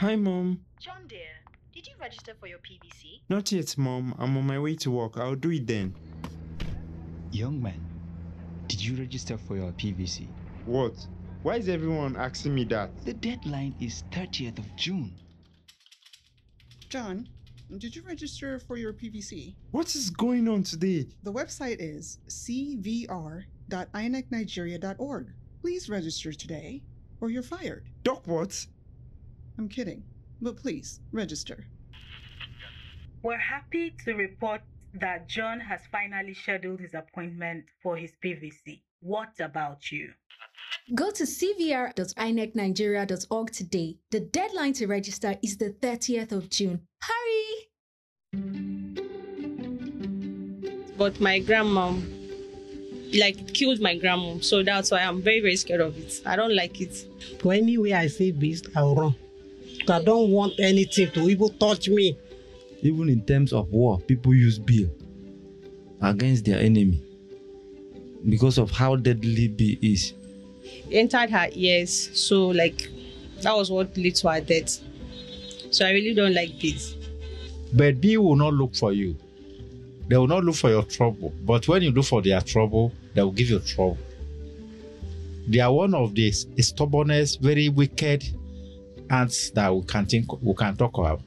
Hi, Mom. John, dear, did you register for your PVC? Not yet, Mom. I'm on my way to work. I'll do it then. Young man, did you register for your PVC? What? Why is everyone asking me that? The deadline is 30th of June. John, did you register for your PVC? What is going on today? The website is cvr.inecnigeria.org. Please register today or you're fired. Doc, what? I'm kidding. But please, register. We're happy to report that John has finally scheduled his appointment for his PVC. What about you? Go to cvr.inecnigeria.org today. The deadline to register is the 30th of June. Hurry! But my grandma, like, killed my grandma. So that's why I'm very, very scared of it. I don't like it. But anyway, I say beast, I'll run. I don't want anything to even touch me. Even in terms of war, people use bill against their enemy because of how deadly bill is. Entered her ears, so like that was what led to her death. So I really don't like this. But beer will not look for you. They will not look for your trouble. But when you look for their trouble, they will give you trouble. They are one of these stubbornness, very wicked ants that we can think we can talk of.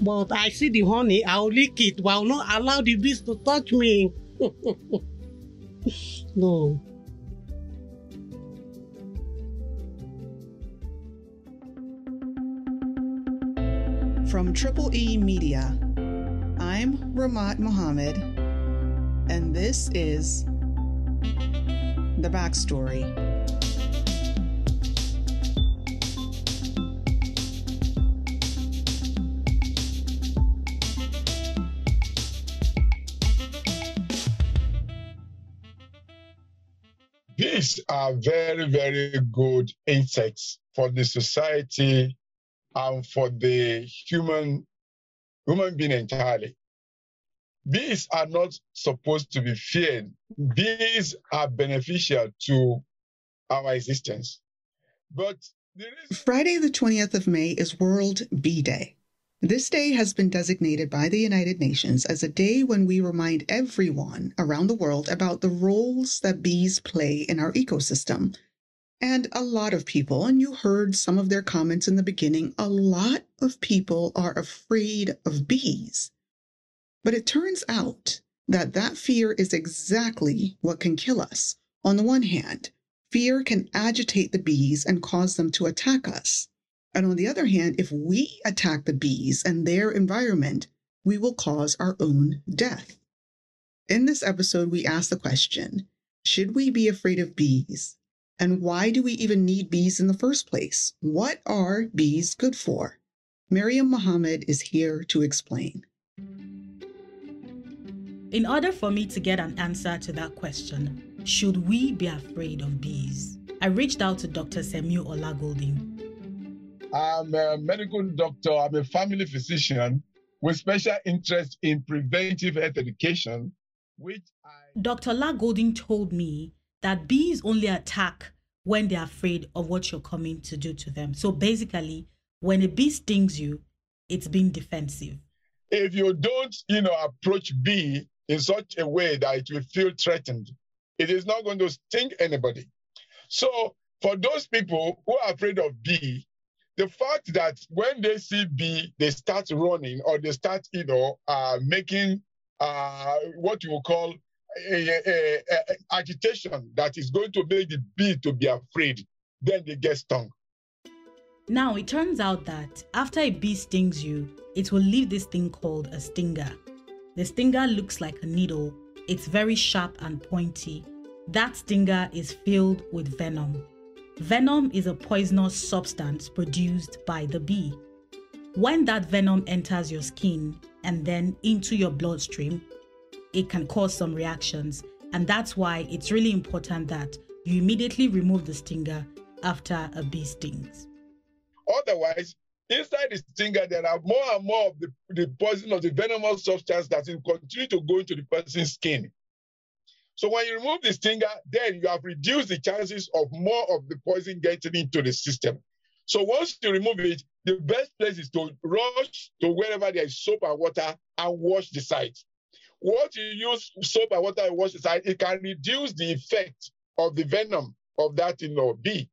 But I see the honey, I'll lick it, but I'll not allow the bees to touch me. no. From Triple E Media, I'm Ramat Mohammed, and this is The Backstory. These are very, very good insights for the society and for the human human being entirely. These are not supposed to be feared. These are beneficial to our existence. But Friday, the 20th of May, is World Bee Day. This day has been designated by the United Nations as a day when we remind everyone around the world about the roles that bees play in our ecosystem. And a lot of people, and you heard some of their comments in the beginning, a lot of people are afraid of bees. But it turns out that that fear is exactly what can kill us. On the one hand, fear can agitate the bees and cause them to attack us. And on the other hand, if we attack the bees and their environment, we will cause our own death. In this episode, we ask the question Should we be afraid of bees? And why do we even need bees in the first place? What are bees good for? Miriam Muhammad is here to explain. In order for me to get an answer to that question, should we be afraid of bees? I reached out to Dr. Samuel Olagolding, I'm a medical doctor, I'm a family physician with special interest in preventive health education, which I... Dr. La Golding told me that bees only attack when they're afraid of what you're coming to do to them. So basically, when a bee stings you, it's being defensive. If you don't, you know, approach bee in such a way that it will feel threatened, it is not going to sting anybody. So for those people who are afraid of bee, the fact that when they see B, they start running or they start, you know, uh, making uh, what you call a, a, a, agitation that is going to make the bee to be afraid, then they get stung. Now, it turns out that after a bee stings you, it will leave this thing called a stinger. The stinger looks like a needle, it's very sharp and pointy. That stinger is filled with venom. Venom is a poisonous substance produced by the bee. When that venom enters your skin and then into your bloodstream, it can cause some reactions, and that's why it's really important that you immediately remove the stinger after a bee stings. Otherwise, inside the stinger, there are more and more of the, the poison of the venomous substance that will continue to go into the person's skin. So when you remove the stinger, then you have reduced the chances of more of the poison getting into the system. So once you remove it, the best place is to rush to wherever there is soap and water and wash the site. What you use soap and water and wash the site, it can reduce the effect of the venom of that in know, bee.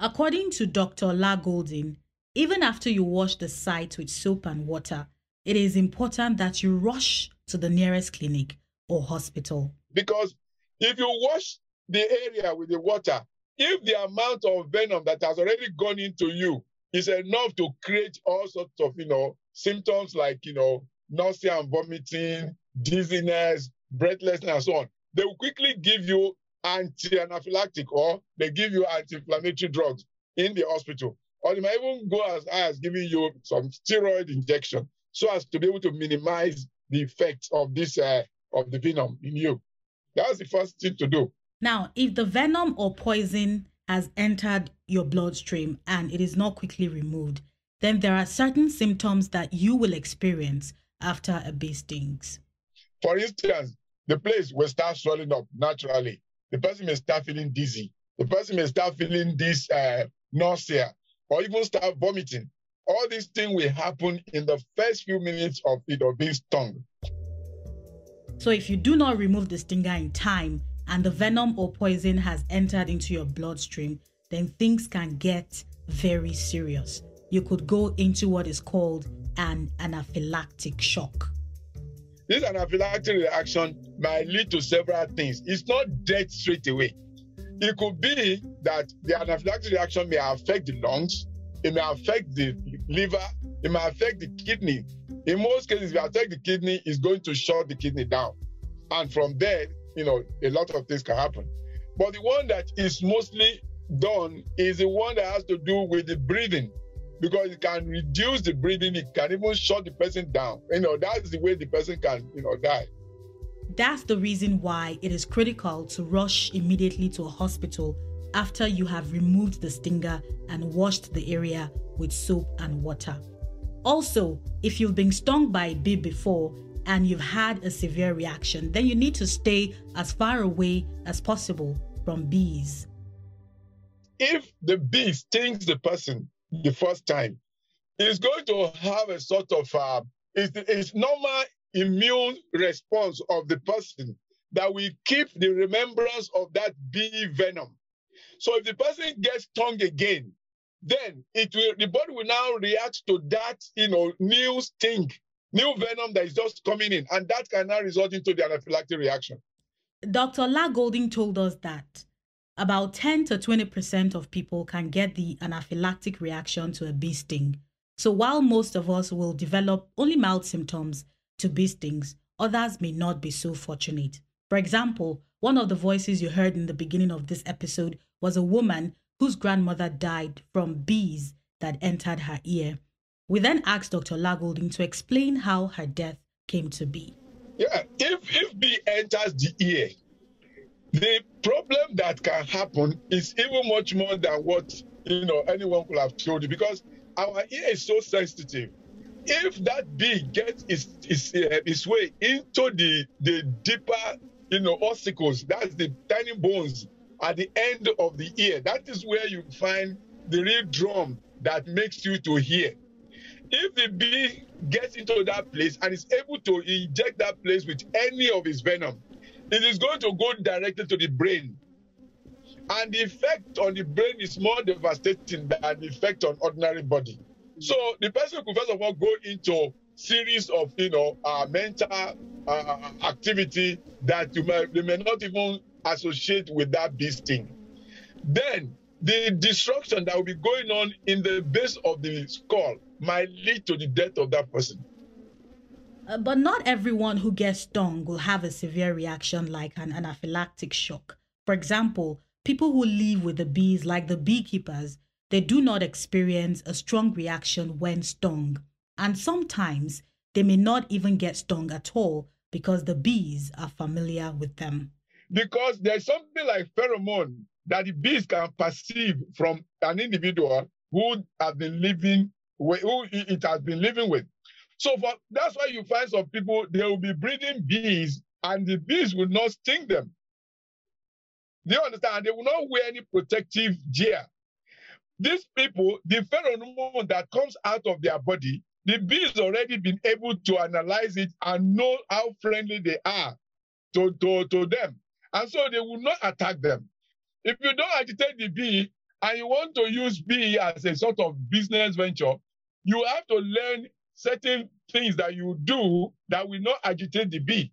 According to Dr. La Golding, even after you wash the site with soap and water, it is important that you rush to the nearest clinic or hospital. Because if you wash the area with the water, if the amount of venom that has already gone into you is enough to create all sorts of, you know, symptoms like, you know, nausea and vomiting, dizziness, breathlessness, and so on, they will quickly give you anti-anaphylactic or they give you anti-inflammatory drugs in the hospital. Or they might even go as high as giving you some steroid injection so as to be able to minimize the effects of this uh, of the venom in you. That's the first thing to do. Now, if the venom or poison has entered your bloodstream and it is not quickly removed, then there are certain symptoms that you will experience after a bee stings. For instance, the place will start swelling up naturally. The person may start feeling dizzy. The person may start feeling this uh, nausea or even start vomiting. All these things will happen in the first few minutes of it you being stung. So if you do not remove the stinger in time and the venom or poison has entered into your bloodstream, then things can get very serious. You could go into what is called an anaphylactic shock. This anaphylactic reaction might lead to several things. It's not death straight away. It could be that the anaphylactic reaction may affect the lungs, it may affect the liver, it may affect the kidney. In most cases, if you attack the kidney, it's going to shut the kidney down. And from there, you know, a lot of things can happen. But the one that is mostly done is the one that has to do with the breathing because it can reduce the breathing. It can even shut the person down. You know, that's the way the person can, you know, die. That's the reason why it is critical to rush immediately to a hospital after you have removed the stinger and washed the area with soap and water. Also, if you've been stung by a bee before and you've had a severe reaction, then you need to stay as far away as possible from bees. If the bee stings the person the first time, it's going to have a sort of uh, it's, it's normal immune response of the person that will keep the remembrance of that bee venom. So if the person gets stung again, then it will the body will now react to that you know new sting new venom that is just coming in and that can now result into the anaphylactic reaction dr la golding told us that about 10 to 20 percent of people can get the anaphylactic reaction to a bee sting so while most of us will develop only mild symptoms to bee stings others may not be so fortunate for example one of the voices you heard in the beginning of this episode was a woman whose grandmother died from bees that entered her ear. We then asked Dr. Lagolding to explain how her death came to be. Yeah, if, if bee enters the ear, the problem that can happen is even much more than what you know anyone could have told you because our ear is so sensitive. If that bee gets its, its, uh, its way into the, the deeper, you know, ossicles, that's the tiny bones at the end of the ear. That is where you find the real drum that makes you to hear. If the bee gets into that place and is able to inject that place with any of its venom, it is going to go directly to the brain. And the effect on the brain is more devastating than the effect on ordinary body. So the person could first of all go into series of you know uh, mental uh, activity that you may, they may not even associate with that beast thing. Then the destruction that will be going on in the base of the skull might lead to the death of that person. Uh, but not everyone who gets stung will have a severe reaction like an anaphylactic shock. For example, people who live with the bees, like the beekeepers, they do not experience a strong reaction when stung. And sometimes they may not even get stung at all because the bees are familiar with them because there's something like pheromone that the bees can perceive from an individual who have been living with, who it has been living with. So for, that's why you find some people they will be breeding bees and the bees will not sting them. They understand? They will not wear any protective gear. These people, the pheromone that comes out of their body, the bees already been able to analyze it and know how friendly they are to, to, to them. And so they will not attack them. If you don't agitate the bee and you want to use bee as a sort of business venture, you have to learn certain things that you do that will not agitate the bee.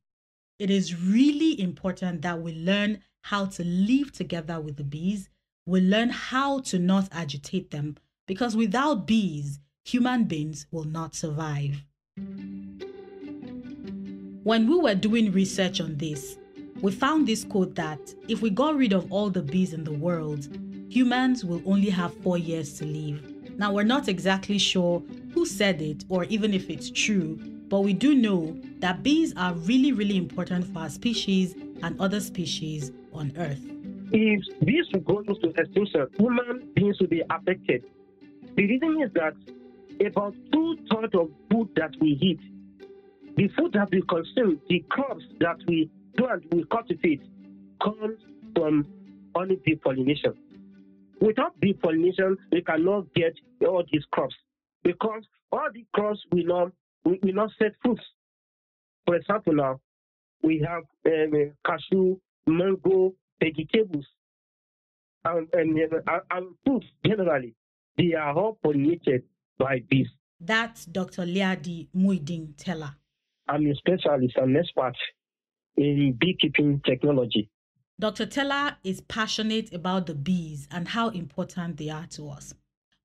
It is really important that we learn how to live together with the bees. We learn how to not agitate them because without bees, human beings will not survive. When we were doing research on this, we found this quote that if we got rid of all the bees in the world, humans will only have four years to live. Now, we're not exactly sure who said it or even if it's true, but we do know that bees are really, really important for our species and other species on Earth. If bees go into extinction, human beings will be affected. The reason is that about two thirds of food that we eat, the food that we consume, the crops that we plant we cultivate comes from only bee pollination. Without bee pollination, we cannot get all these crops because all the crops will not we will not set fruits. For example, now we have um, cashew, mango, vegetables, and, and, and, uh, and fruits generally. They are all pollinated by bees. That's Dr. Liadi Muiding Teller. I'm a specialist, an expert in beekeeping technology. Dr. Teller is passionate about the bees and how important they are to us.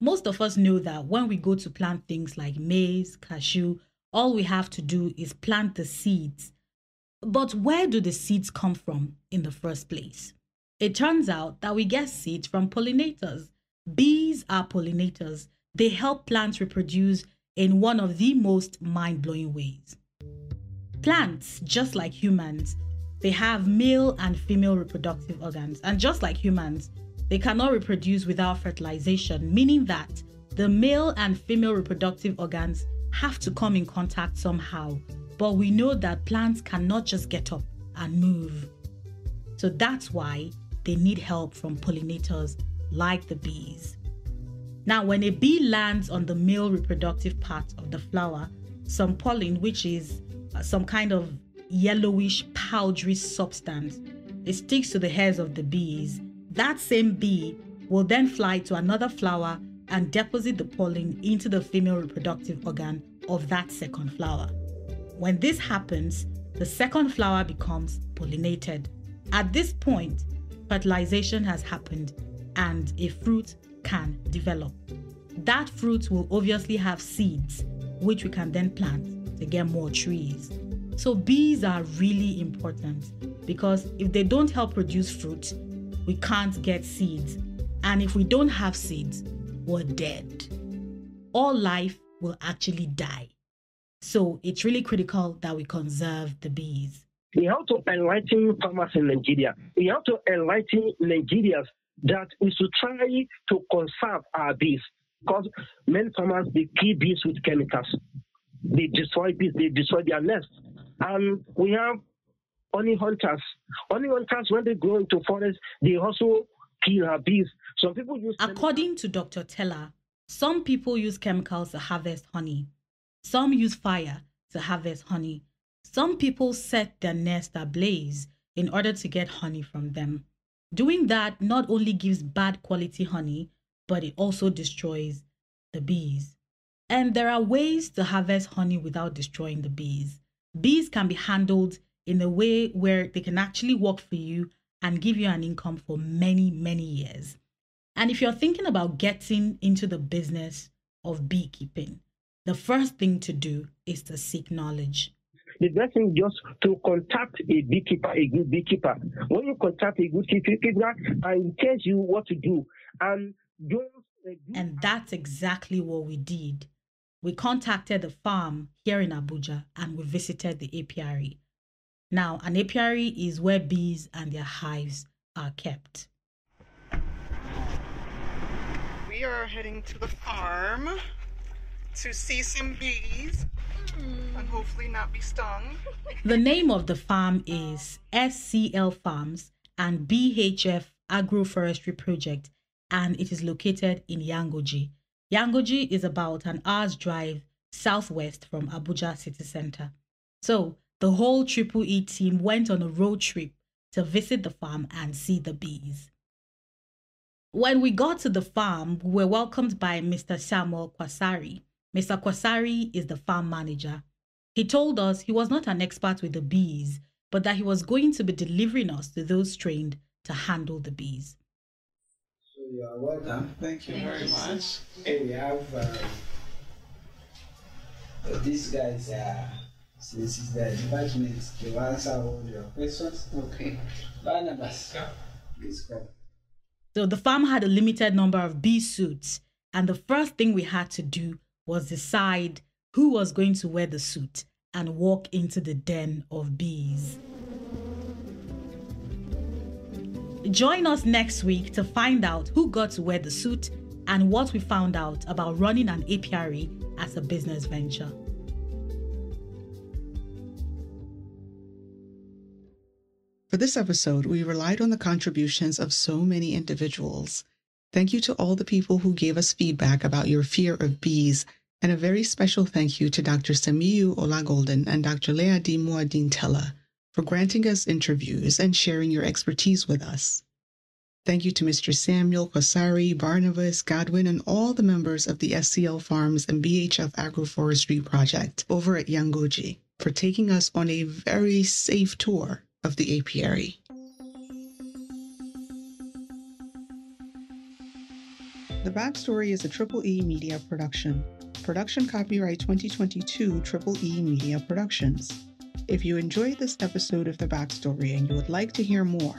Most of us know that when we go to plant things like maize, cashew, all we have to do is plant the seeds. But where do the seeds come from in the first place? It turns out that we get seeds from pollinators. Bees are pollinators. They help plants reproduce in one of the most mind blowing ways. Plants, just like humans, they have male and female reproductive organs. And just like humans, they cannot reproduce without fertilization, meaning that the male and female reproductive organs have to come in contact somehow. But we know that plants cannot just get up and move. So that's why they need help from pollinators like the bees. Now, when a bee lands on the male reproductive part of the flower, some pollen, which is some kind of yellowish, powdery substance. It sticks to the hairs of the bees. That same bee will then fly to another flower and deposit the pollen into the female reproductive organ of that second flower. When this happens, the second flower becomes pollinated. At this point, fertilization has happened and a fruit can develop. That fruit will obviously have seeds, which we can then plant to get more trees. So bees are really important because if they don't help produce fruit, we can't get seeds. And if we don't have seeds, we're dead. All life will actually die. So it's really critical that we conserve the bees. We have to enlighten farmers in Nigeria. We have to enlighten Nigerians that we should try to conserve our bees because many farmers they kill bees with chemicals. They destroy peace, they destroy their nest. And we have honey hunters. Honey hunters, when they go into forest, they also kill bees. Some people use. According to Dr. Teller, some people use chemicals to harvest honey. Some use fire to harvest honey. Some people set their nest ablaze in order to get honey from them. Doing that not only gives bad quality honey, but it also destroys the bees. And there are ways to harvest honey without destroying the bees. Bees can be handled in a way where they can actually work for you and give you an income for many, many years. And if you're thinking about getting into the business of beekeeping, the first thing to do is to seek knowledge. The best thing just to contact a beekeeper, a good beekeeper. When you contact a good beekeeper, will tell you what to do, and do, uh, do and that's exactly what we did we contacted the farm here in Abuja and we visited the apiary. Now, an apiary is where bees and their hives are kept. We are heading to the farm to see some bees hmm. and hopefully not be stung. the name of the farm is SCL Farms and BHF Agroforestry Project, and it is located in Yangoji. Yangoji is about an hour's drive southwest from Abuja city center. So the whole Triple E team went on a road trip to visit the farm and see the bees. When we got to the farm, we were welcomed by Mr. Samuel Kwasari. Mr. Kwasari is the farm manager. He told us he was not an expert with the bees, but that he was going to be delivering us to those trained to handle the bees. You are welcome. Thank you Thank very you much. So much. Hey, we have uh, these guys. Uh, since it's the department, to answer all your questions. Okay. Barnabas, please come. So the farm had a limited number of bee suits, and the first thing we had to do was decide who was going to wear the suit and walk into the den of bees. Join us next week to find out who got to wear the suit and what we found out about running an apiary as a business venture. For this episode, we relied on the contributions of so many individuals. Thank you to all the people who gave us feedback about your fear of bees, and a very special thank you to Dr. Samiu Olagolden and Dr. Leah D. Muadin Teller for granting us interviews and sharing your expertise with us. Thank you to Mr. Samuel, Kosari, Barnabas, Godwin, and all the members of the SCL Farms and BHF Agroforestry Project over at Yangoji for taking us on a very safe tour of the apiary. The Backstory is a Triple E Media production. Production copyright 2022 Triple E Media Productions. If you enjoyed this episode of The Backstory and you would like to hear more,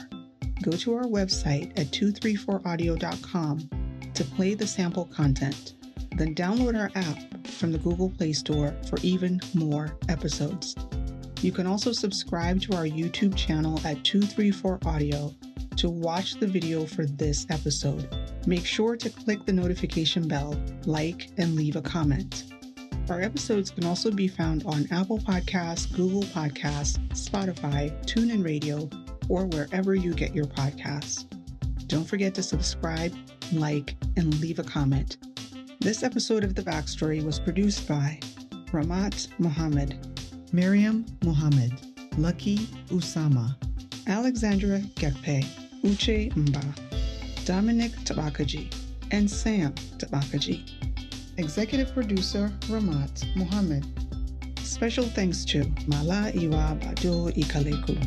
go to our website at 234audio.com to play the sample content. Then download our app from the Google Play Store for even more episodes. You can also subscribe to our YouTube channel at 234 Audio to watch the video for this episode. Make sure to click the notification bell, like, and leave a comment. Our episodes can also be found on Apple Podcasts, Google Podcasts, Spotify, TuneIn Radio, or wherever you get your podcasts. Don't forget to subscribe, like, and leave a comment. This episode of The Backstory was produced by Ramat Mohammed, Miriam Mohammed, Lucky Usama, Alexandra Gekpe, Uche Mba, Dominic Tabakaji, and Sam Tabakaji. Executive Producer Ramat Mohammed. Special thanks to Mala Iwa Abdul Ikaleku.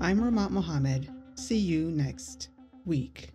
I'm Ramat Mohammed. See you next week.